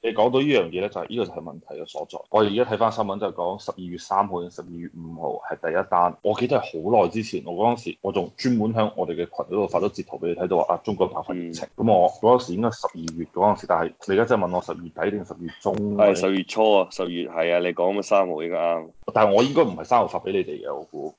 你講到呢樣嘢咧，就係、是、呢個就係問題嘅所在。我而家睇翻新聞就係、是、講十二月三號定十二月五號係第一單，我記得係好耐之前。我嗰陣時我仲專門喺我哋嘅群嗰度發咗截圖俾你睇到話啊，中國爆發疫情。咁、嗯、我嗰陣時應該十二月嗰陣時，但係你而家真係問我十二月底定十月中？係、哎、十月初啊，十月係啊，你講嘅三號應該啱。但係我應該唔係三號發俾你哋嘅，我估。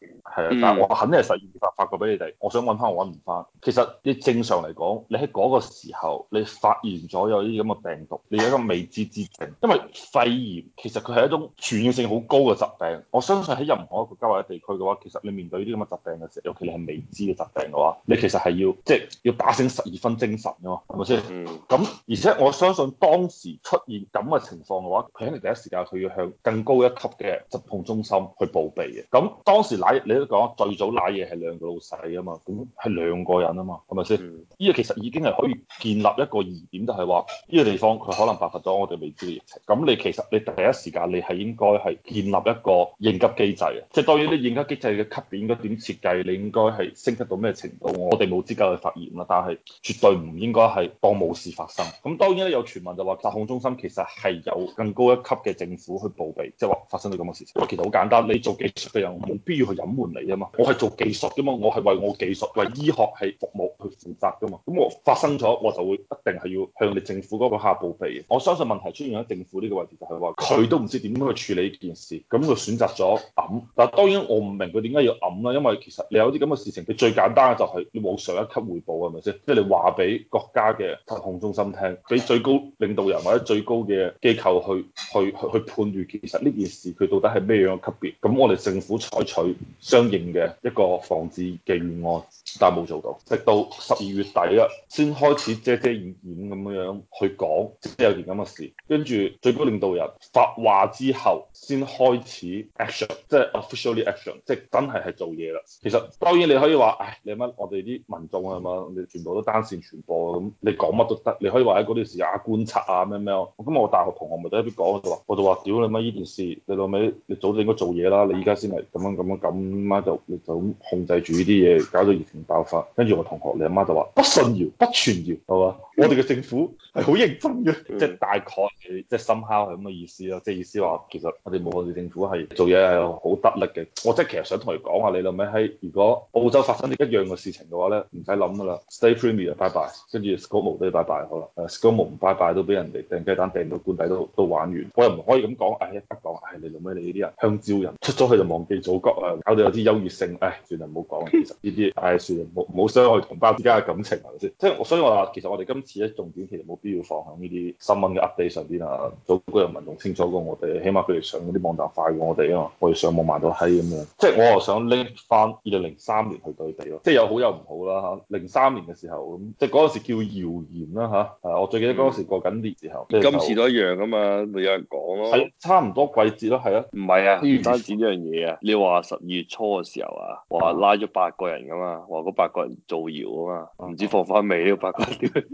但係我肯定係實驗發發覺俾你哋。我想揾翻，我揾唔翻。其實你正常嚟講，你喺嗰個時候，你發現咗有呢啲咁嘅病毒，你有一個未知之症。因為肺炎其實佢係一種傳染性好高嘅疾病。我相信喺任何一個國家或者地區嘅話，其實你面對呢啲咁嘅疾病嘅時候，尤其你係未知嘅疾病嘅話，你其實係要即係、即係、要打醒十二分精神㗎嘛，係咪先？咁、嗯、而且我相信當時出現咁嘅情況嘅話，佢肯定第一時間佢要向更高一級嘅疾控中心去報備嘅。咁當時嗱你。講最早拉嘢係兩個老細啊嘛，咁係兩個人啊嘛，係咪先？呢、嗯、個其實已經係可以建立一個疑點，就係話呢個地方佢可能爆發咗我哋未知嘅疫情。咁、嗯、你其實你第一時間你係應該係建立一個應急機制啊。即係當然你，你應急機制嘅級別應該點設計？你應該係升級到咩程度？我哋冇資格去發言啦，但係絕對唔應該係當冇事發生。咁、嗯、當然咧，有傳聞就話疾控中心其實係有更高一級嘅政府去報備，即係話發生咗咁嘅事情。其實好簡單，你做技術嘅人冇必要去隱瞞啊嘛，我係做技術噶嘛，我係為我技術為醫學係服務去負責噶嘛，咁我發生咗我就會一定係要向你政府嗰個下報備。我相信問題出現喺政府呢個位置，就係話佢都唔知點樣去處理呢件事，咁佢選擇咗揞。但當然我唔明佢點解要揞啦，因為其實你有啲咁嘅事情，佢最簡單嘅就係你冇上一級彙報，係咪先，即係你話俾國家嘅疾控中心聽，俾最高領導人或者最高嘅機構去去去，去判斷其實呢件事佢到底係咩樣嘅級別。咁我哋政府採取相應嘅一個防治嘅預案。但係冇做到，直到十二月底啊，先開始遮遮掩掩咁樣去講，即係有件咁嘅事。跟住最高領導人發話之後，先開始 action，即係 officially action，即係真係係做嘢啦。其實當然你可以話，唉，你乜？我哋啲民眾係咪？你全部都單線傳播咁，你講乜都得。你可以話喺嗰段時間觀察啊，咩咩？我今日我大學同學咪都喺邊講？就話，我就話，屌你乜呢件事？你老尾你早就應該做嘢啦。你依家先嚟咁樣咁樣咁，乜就你就控制住呢啲嘢，搞到爆發，跟住我同學，你阿媽就話：不信謠，不傳謠，好嘛？ 我哋嘅政府係好認真嘅， 即係大概，即係深敲係咁嘅意思啦。即係意思話，其實我哋武漢市政府係做嘢係好得力嘅。我即係其實想同你講下你諗下，如果澳洲發生一樣嘅事情嘅話咧，唔使諗噶啦，Stay premier 拜拜。跟住 ScoMo 都拜拜，好啦、uh，ScoMo 唔拜拜都俾人哋掟雞蛋掟到罐底都都玩完。我又唔可以咁講，誒不講，係你諗下你呢啲人香蕉人出咗去就忘記祖國啊，搞到有啲優越性、哎，唉，算啦唔好講，其實呢啲冇冇傷害同胞之間嘅感情係咪先？即係我，所以我話其實我哋今次咧重點其實冇必要放喺呢啲新聞嘅 update 上邊啊，早嗰啲人民仲清楚過我哋，起碼佢哋上嗰啲網站快過我哋啊嘛，我哋上網慢到閪咁樣。即係我啊想拎翻二零零三年去對比咯，即係有好有唔好啦嚇。零、啊、三年嘅時候咁，即係嗰陣時叫謠言啦吓、啊，我最記得嗰陣時過緊年時候。嗯、今次都一樣啊嘛，咪有人講咯。係差唔多季節咯，係啊。唔係啊，唔單止呢樣嘢啊，你話十二月初嘅時候啊，話拉咗八個人㗎嘛。.個、哦、八個人造謠啊嘛，唔知放翻未呢個八卦點？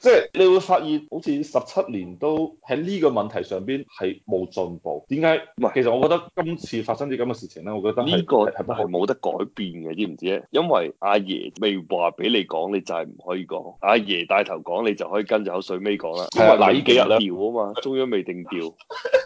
即係你會發現，好似十七年都喺呢個問題上邊係冇進步。點解？喂其實我覺得今次發生啲咁嘅事情咧，我覺得呢個係冇得改變嘅，知唔知咧？因為阿爺未話俾你講，你就係唔可以講。阿爺帶頭講，你就可以跟住口水尾講啦。係嗱，呢幾日調啊嘛，啊中央未定調，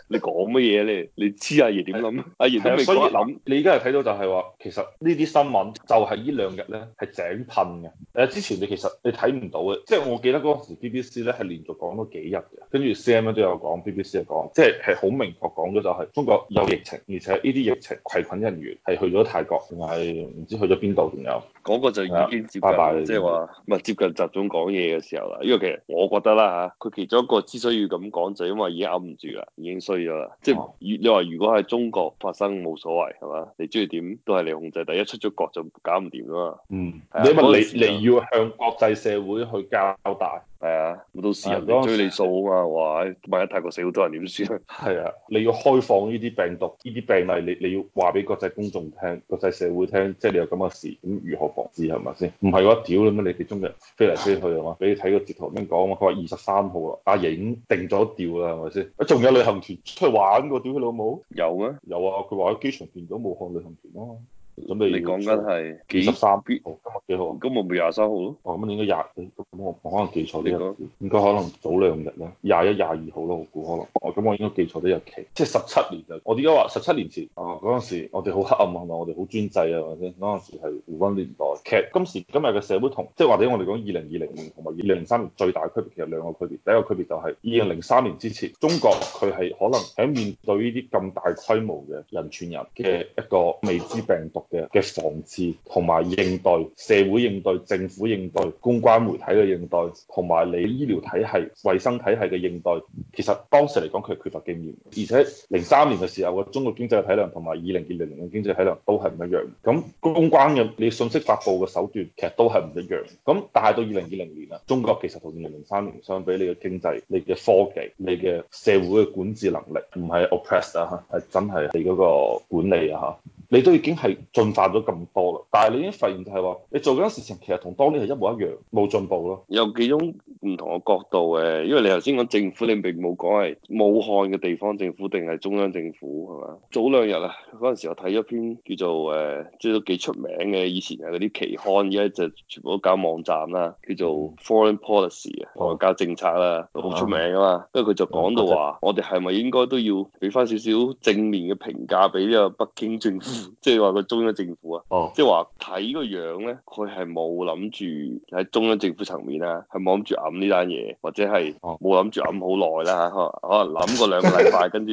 你講乜嘢咧？你知阿爺點諗？阿、啊啊、爺都未諗。啊、以你而家又睇到就係話，其實呢啲新聞就係呢兩日咧係井噴嘅。誒，之前你其實你睇唔到嘅，即係我記得當時 B B C 咧係連續講多幾日嘅，跟住 C M、N、都有講 B B C 係講，即係係好明確講咗就係中國有疫情，而且呢啲疫情攜菌人員係去咗泰國，定係唔知去咗邊度，仲有嗰個就已經接近，即係話唔接近集中講嘢嘅時候啦。呢個其實我覺得啦嚇，佢、啊、其中一個之所以要咁講，就因為已經咬唔住啦，已經衰咗啦。即、就、係、是啊、你話如果係中國發生冇所謂係嘛？你中意點都係你控制，第一出咗國就搞唔掂噶嘛。嗯、啊，你問你你要向國際社會去交代？係啊，咁到時人哋追你數啊嘛，係咪時？萬一泰國死，好多人點算？係啊，你要開放呢啲病毒、呢啲病例，你你要話俾國際公眾聽、國際社會聽，即係你有咁嘅事，咁如何防治係咪先？唔係話，屌你咩？你哋中國飛嚟飛去啊嘛，俾你睇個截圖點講啊嘛。佢話二十三號啊，阿影定咗調啦，係咪先？仲有旅行團出去玩過屌你老母？有，嗎有啊，有啊，佢話喺機場見咗武漢旅行團啊，咁你你講緊係幾十三？今日幾號，號今日咪廿三號咯。號哦，你應該廿。我可能記錯啲，個，應該可能早兩日咧，廿一廿二號咯，我估可能。哦，咁、嗯嗯、我應該記錯啲日期，即係十七年就，我點解話十七年前？哦、啊，嗰陣時我哋好黑暗係咪？我哋好專制啊或者嗰陣時係胡温年代。其實今時今日嘅社會同，即係或者我哋講二零二零年同埋二零零三年最大區別，其實兩個區別。第一個區別就係二零零三年之前，中國佢係可能喺面對呢啲咁大規模嘅人傳人嘅一個未知病毒嘅嘅防治同埋應對，社會應對、政府應對、公關媒體嘅應對同埋你醫療體系、衛生體系嘅應對，其實當時嚟講佢係缺乏經驗，而且零三年嘅時候嘅中國經濟嘅體量同埋二零二零年嘅經濟體量都係唔一樣。咁公關嘅你信息發布嘅手段其實都係唔一樣。咁但係到二零二零年啊，中國其實同二零零三年相比你，你嘅經濟、你嘅科技、你嘅社會嘅管治能力唔係 oppressed 啊，係真係你嗰個管理啊嚇。你都已經係進化咗咁多啦，但係你已經發現就係話，你做嗰啲事情其實同當年係一模一樣，冇進步咯。有幾種。唔同嘅角度誒，因為你頭先講政府，你並冇講係武漢嘅地方政府定係中央政府係嘛？早兩日啊，嗰陣時我睇一篇叫做誒，即係都幾出名嘅，以前係嗰啲期刊，依家就全部都搞網站啦，叫做 Foreign Policy、哦、啊，外國政策啦，好出名啊嘛。跟住佢就講到話，我哋係咪應該都要俾翻少少正面嘅評價俾呢個北京政府，即係話個中央政府啊，即係話睇個樣咧，佢係冇諗住喺中央政府層面啊，係冇諗住咁呢單嘢，或者係冇諗住諗好耐啦嚇，可能諗過兩個禮拜， 跟住。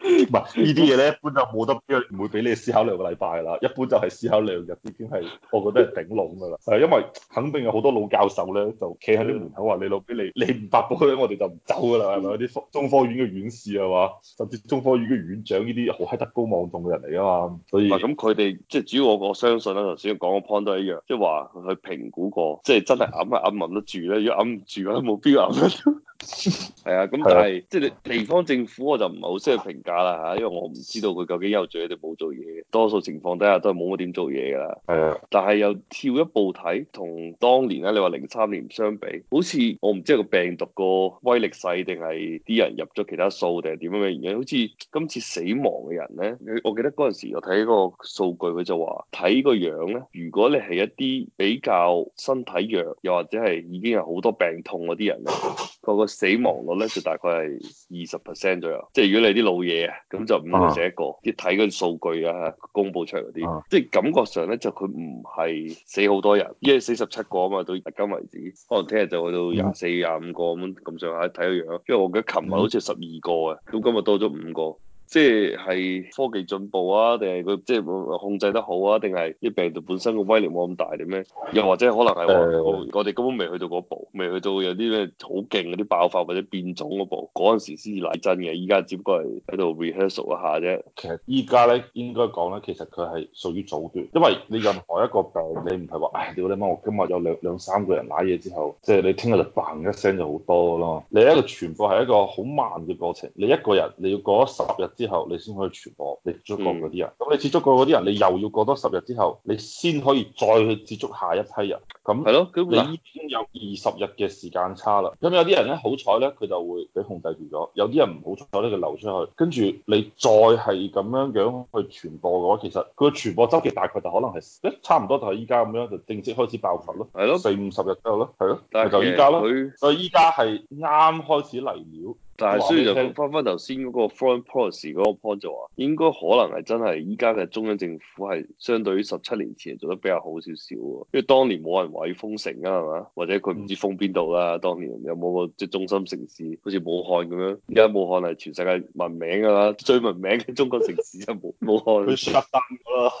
唔係呢啲嘢咧，一般就冇得唔會俾你思考兩個禮拜噶啦，一般就係思考兩日，已經係我覺得係頂籠噶啦。係 因為肯定有好多老教授咧，就企喺啲門口話： 你攞俾你，你唔發布佢，我哋就唔走噶啦，係咪啊？啲中科院嘅院士啊嘛，甚至中科院嘅院長呢啲好閪德高望重嘅人嚟啊嘛，所以咁，佢哋即係主要我我相信啦。頭先講嘅 point 都係一樣，即係話去評估過，即、就、係、是、真係揞啊揞得住咧，如果揞唔住嘅冇必要揞啦。 係啊，咁但係的即係地方政府，我就唔係好識去評價啦吓，因為我唔知道佢究竟有罪，定冇做嘢，多數情況底下都係冇乜點做嘢噶啦。係啊的，但係又跳一步睇，同當年咧，你話零三年相比，好似我唔知個病毒個威力細定係啲人入咗其他數定係點嘅原因。好似今次死亡嘅人咧，我記得嗰陣時我睇個數據，佢就話睇個樣咧，如果你係一啲比較身體弱，又或者係已經有好多病痛嗰啲人咧。 個個死亡率咧就大概係二十 percent 左右，即係如果你啲老嘢啊，咁就五個死一個。啲睇嗰啲數據啊，公布出嚟嗰啲， 即係感覺上咧就佢唔係死好多人，因為四十七個啊嘛，到而家為止，可能聽日就去到廿四、廿五個咁咁上下。睇個樣，樣，因為我記得琴日好似十二個啊，咁今日多咗五個。即係科技進步啊，定係佢即係控制得好啊，定係啲病毒本身個威力冇咁大啲咩？又或者可能係、呃哦、我哋根本未去到嗰步，未去到有啲咩好勁嗰啲爆發或者變種嗰步，嗰陣時先至嚟真嘅。依家只不過係喺度 rehearsal 一下啫。其實依家咧應該講咧，其實佢係屬於早段，因為你任何一個病，你唔係話唉屌你媽，我今日有兩兩三個人瀨嘢之後，即係你聽日就 bang 一聲就好多咯。你一個傳播係一個好慢嘅過程，你一個人你要過咗十日。之後你先可以傳播你接觸過嗰啲人，咁、嗯、你接觸過嗰啲人，你又要過多十日之後，你先可以再去接觸下一批人。咁係咯，你已經有二十日嘅時間差啦。咁有啲人咧好彩咧，佢就會俾控制住咗；有啲人唔好出彩咧，佢流出去，跟住你再係咁樣樣去傳播嘅話，其實佢嘅傳播周期大概就可能係，誒差唔多就係依家咁樣就正式開始爆發咯。係咯他，四五十日之後咯，係咯，但係就依家咯。所以依家係啱開始嚟料。但係，雖然就翻翻頭先嗰個 Foreign Policy 嗰個 point 就話，應該可能係真係依家嘅中央政府係相對於十七年前做得比較好少少。因為當年冇人話要封城啊，係嘛？或者佢唔知封邊度啦。當年有冇個即係中心城市，好似武漢咁樣？而家武漢係全世界聞名㗎啦，最聞名嘅中國城市就武武漢。佢 shutdown 咗啦。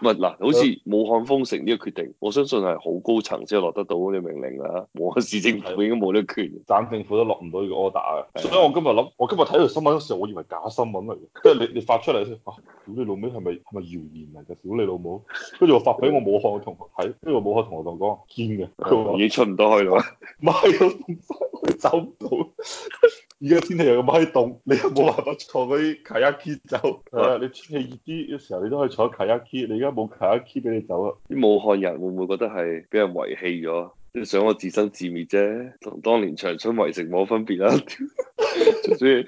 唔係嗱，好似武漢封城呢個決定，我相信係好高層先落得到呢個命令啊。武漢市政府已經冇呢個權，省政府都落唔到呢個 order 啊。所以我今日諗，我今日睇到新聞時候，我以為假新聞嚟，即係 你你發出嚟先、啊。屌你老味係咪係咪謠言嚟嘅？屌你老母，跟住我發俾我武漢嘅同學，睇，跟住我武漢同學就講啊，堅嘅，佢話 說已經出唔到去啦，買咗東西走唔到。 而家天氣又咁閪凍，你又冇辦法坐嗰啲卡雅 K 走。啊、你天氣熱啲嘅時候，你都可以坐卡雅 K。你而家冇卡雅 K 俾你走啦、啊。武漢人會唔會覺得係俾人遺棄咗？想我自生自滅啫，同當年長春圍城冇分別啊。